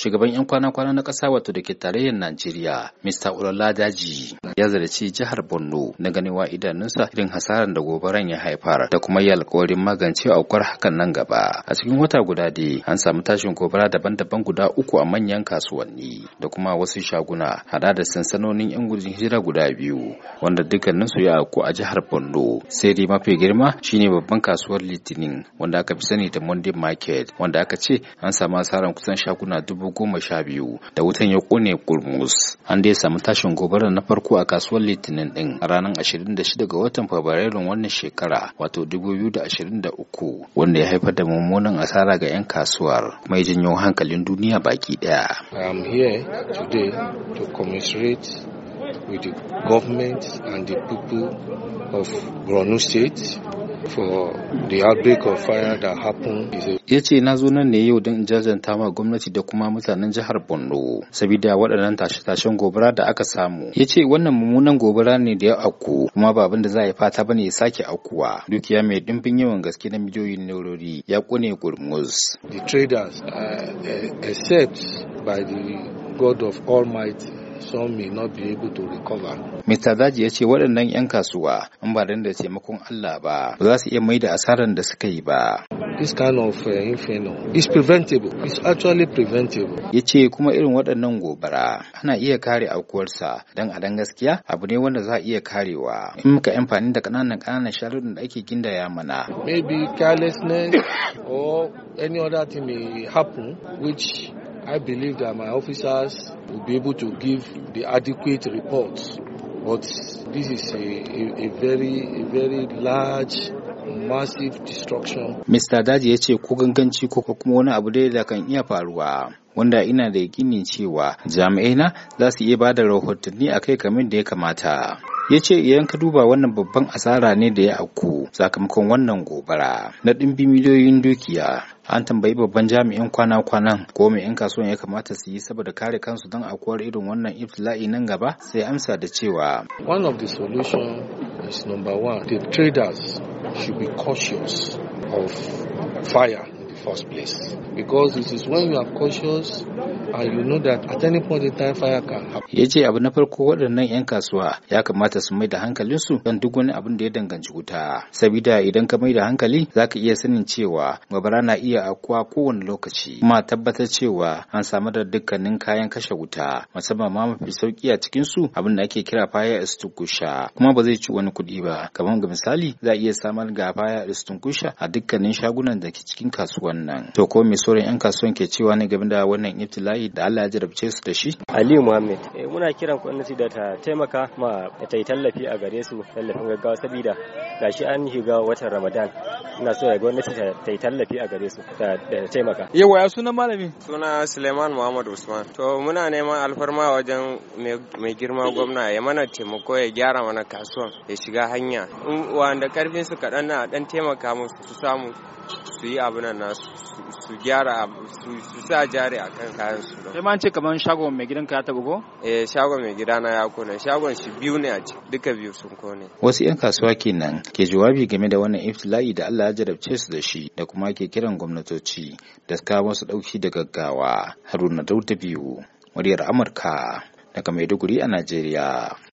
shugaban 'yan kwana-kwana na ƙasa wato da ke tarayyar Najeriya, Mr. Ololadaji. ya zarci jihar Borno na ganewa idanunsa irin hasaran da gobaran ya haifar da kuma yi alkawarin magance aukuwar hakan nan gaba. A cikin wata guda dai an samu tashin gobara daban-daban guda uku a manyan kasuwanni da kuma wasu shaguna hada da sansanonin 'yan gudun hijira guda biyu wanda dukkaninsu ya auku a jihar Borno. Sai dai mafi girma shine babban kasuwar Litinin wanda aka fi sani da Monday Market wanda aka ce an samu asaran kusan shaguna dubu goma sha biyu da wutan ya kone kurmus. An dai samu tashin gobara na farko a kasuwar litinin din ranar 26 ga watan fabrairun wannan shekara wato 2023 wanda ya haifar da mummunan asara ga 'yan kasuwar mai janyo hankalin duniya baki daya. I am here today to commiserate with the government and the people of Borno State for the outbreak of fire that happened. Ya ce na zo nan ne yau don jajanta ma gwamnati da kuma mutanen jihar Borno saboda waɗannan tashe-tashen gobara da aka samu. Ya ce wannan mummunan gobara ne da ya auku kuma ba abin da za a yi fata bane ya sake aukuwa. Dukiya mai dimbin yawan gaske na miliyoyin naurori ya kone gurmus. The traders are eh, except by the God of Almighty some may not be able to recover. Mr. Daji ya ce waɗannan 'yan kasuwa in ba da taimakon Allah ba ba za su iya mai da asarar da suka yi ba. This kind of uh, inferno is preventable. It's actually preventable. Ya ce kuma irin waɗannan gobara ana iya kare aukuwarsa don a dan gaskiya abu ne wanda za a iya karewa in muka amfani da ƙananan ƙananan sharuɗin da ake gindaya mana. Maybe carelessness or any other thing may happen which I believe that my officers will be able to give the adequate reports. But this is a, a, a very, a very large massive destruction. Mr. Daji ya ce ko ganganci ko kuma wani abu dai da kan iya faruwa. Wanda ina da yakinin cewa jami'ai na za su iya ba da rahotanni a kai kamar da ya kamata. ya ce idan ka duba wannan babban asara ne da ya auku sakamakon wannan gobara na ɗimbi miliyoyin dukiya an tambayi babban jami'in kwana-kwanan ko mai 'yan kasuwan ya kamata su yi saboda kare kansu don akuwar irin wannan ibtila'i nan gaba sai amsa da cewa one of the solution is number one the traders should be cautious of fire first place because it is when you are cautious and you know that at any point in time fire can happen. Ya ce abu na farko waɗannan 'yan kasuwa ya kamata su mai da hankalinsu don duk wani abin da ya danganci wuta. Sabida idan ka mai da hankali za ka iya sanin cewa gobara na iya akuwa kowane lokaci. Kuma tabbatar cewa an samar da dukkanin kayan kashe wuta musamman ma mafi sauki a cikinsu abin da ake kira fire extinguisher kuma ba zai ci wani kuɗi ba. Kamar ga misali za a iya samar ga fire extinguisher a dukkanin shagunan da ke cikin kasuwa. wannan to ko mai sauran yan kasuwan ke cewa ne game da wannan ibtila'i da Allah ya jarabce su da shi Aliyu Muhammad eh, muna kiran gwamnati da ta taimaka ma ta yi tallafi a gare su tallafin gaggawa saboda gashi an shiga watan Ramadan ina so ya gwamnati ta yi tallafi a gare su ta taimaka yawa ya sunan malami suna Suleiman Muhammad Usman to muna neman alfarma wajen mai girma gwamna ya mana taimako ya gyara mana kasuwan ya shiga hanya wanda karfin su kaɗan na dan taimaka musu su samu su yi abu nan su gyara su sa jari a kan kayan su don. Sai ce kamar shagon mai ka ya taɓa ko? Eh shagon mai gidana ya kone shagon shi biyu ne a duka biyu sun kone. Wasu 'yan kasuwa kenan ke jawabi game da wannan iftila'i da Allah ya jarabce su da shi da kuma ke kiran gwamnatoci da su kawo masu ɗauki da gaggawa. Haruna Dauda biyu, muryar Amurka daga Maiduguri a Najeriya.